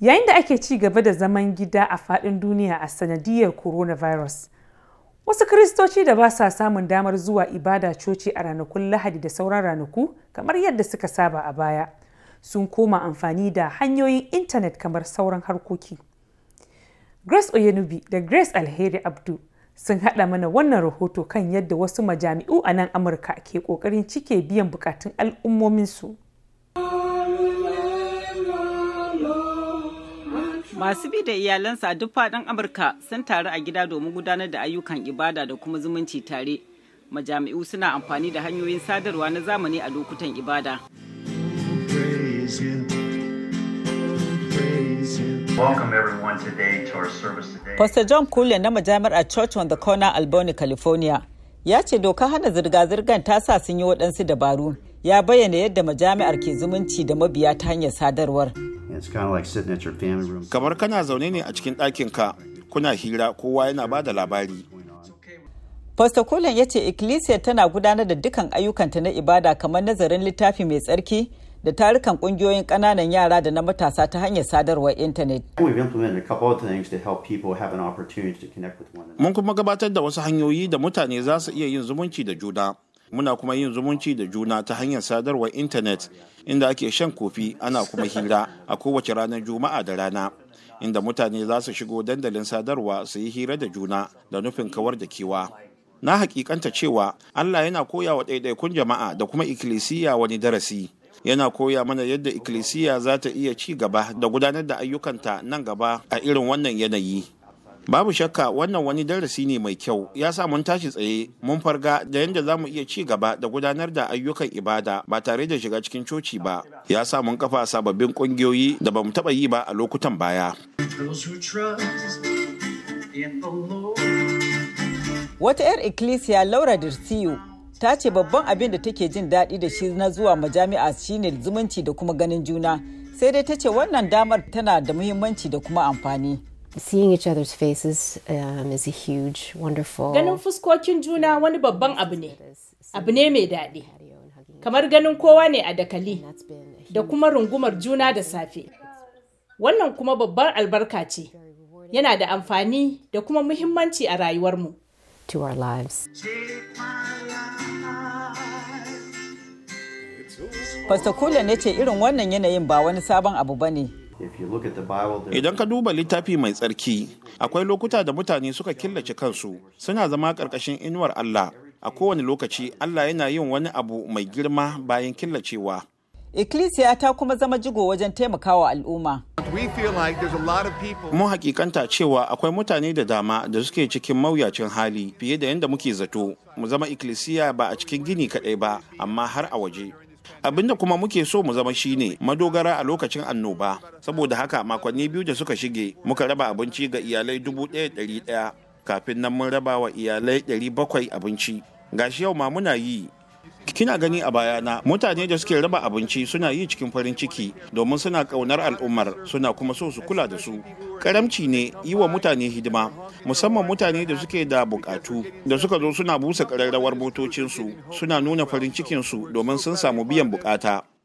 Yayin da ake ci gaba da zaman gida a faɗin duniya a sanadiyar coronavirus, wasu Kiristoci da ba sa samun damar zuwa ibada coci a ranakun Lahadi da sauran ranaku kamar yadda suka saba a baya, sun koma amfani da hanyoyin intanet kamar sauran harkoki. Grace Oyenubi da Grace Alheri Abdu sun haɗa mana wannan rahoto kan yadda wasu majami'u a nan Amurka ke ƙoƙarin cike biyan bukatun al'ummominsu. Masu bi da iyalansa a duk faɗin Amurka sun taru a gida domin gudanar da ayyukan ibada da kuma zumunci tare. Majami'u suna amfani da hanyoyin sadarwa na zamani a lokutan ibada. Pastor John Cullen na majami'ar a Church on the Corner, Albany, California, ya ce doka hana zirga-zirgar ta sa sun yi waɗansu dabaru. Ya bayyana yadda majami'ar ke zumunci da mabiya ta hanyar sadarwar. Kamar kana zaune ne a cikin ɗakinka, kuna hira kowa yana ba da labari. Pastor Colin ya ce Ecclesia tana gudanar da dukkan ayyukanta na ibada kamar nazarin littafi mai tsarki da tarukan kungiyoyin ƙananan yara da na matasa ta hanyar sadarwar intanet. Mun kuma gabatar da wasu hanyoyi da mutane za su iya yin zumunci da juna. muna kuma yin zumunci da juna ta hanyar sadarwar intanet inda ake shan kofi ana kuma hira a kowace ranar juma'a da rana inda mutane za su shigo dandalin sadarwa su yi hira da juna da nufin kawar da kewa na hakikanta cewa allah yana koya wa ɗaiɗaikun jama'a da kuma ikkilisiya wani darasi yana koya mana yadda ikkilisiya za ta iya ci gaba da gudanar da ayyukanta nan gaba a irin wannan yanayi babu shakka wannan wani darasi ne mai kyau ya sa mun tashi tsaye mun farga da yadda za mu iya ci gaba da gudanar da ayyukan ibada ba tare da shiga cikin coci ba ya sa mun kafa sababbin kungiyoyi da ba mu taba yi ba a lokutan baya wata 'yar ikkilisiya laura dirtiyo ta ce babban abin da take jin daɗi da shi na zuwa majami'a shine zumunci da kuma ganin juna sai dai ta ce wannan damar tana da muhimmanci da kuma amfani seeing each other's faces um, is a huge wonderful ganin fuskokin juna wani babban abu ne abu ne mai daɗi kamar ganin kowa ne a dakali da kuma rungumar juna da safe wannan kuma babbar albarka ce yana da amfani da kuma muhimmanci a rayuwarmu to our lives Fasta ya ce irin wannan yanayin ba wani sabon abu ba ne Idan ka duba littafi mai tsarki, akwai lokuta da mutane suka killace kansu suna zama ƙarƙashin inuwar Allah. A kowane lokaci Allah yana yin wani abu mai girma bayan killacewa. Ikilisiya ta kuma zama jigo wajen taimakawa al'umma. mu hakikanta cewa akwai mutane da dama da suke cikin mawuyacin hali fiye da yadda muke zato. Mu zama ikilisiya ba a cikin gini kaɗai ba, amma har a waje. abinda kuma muke so mu zama shine madogara a lokacin annoba saboda haka makonni biyu da suka shige muka raba abinci ga iyalai dubu ɗaya ɗari ɗaya kafin nan mun raba wa iyalai ɗari bakwai abinci gashi yau ma muna yi kina gani a bayana mutane da suke raba abinci suna yi cikin farin ciki domin suna kaunar al'ummar suna kuma so su kula da su karamci ne yi wa mutane hidima musamman mutane da suke da bukatu da suka zo suna busa kararrawar motocinsu suna nuna farin cikinsu domin sun samu biyan bukata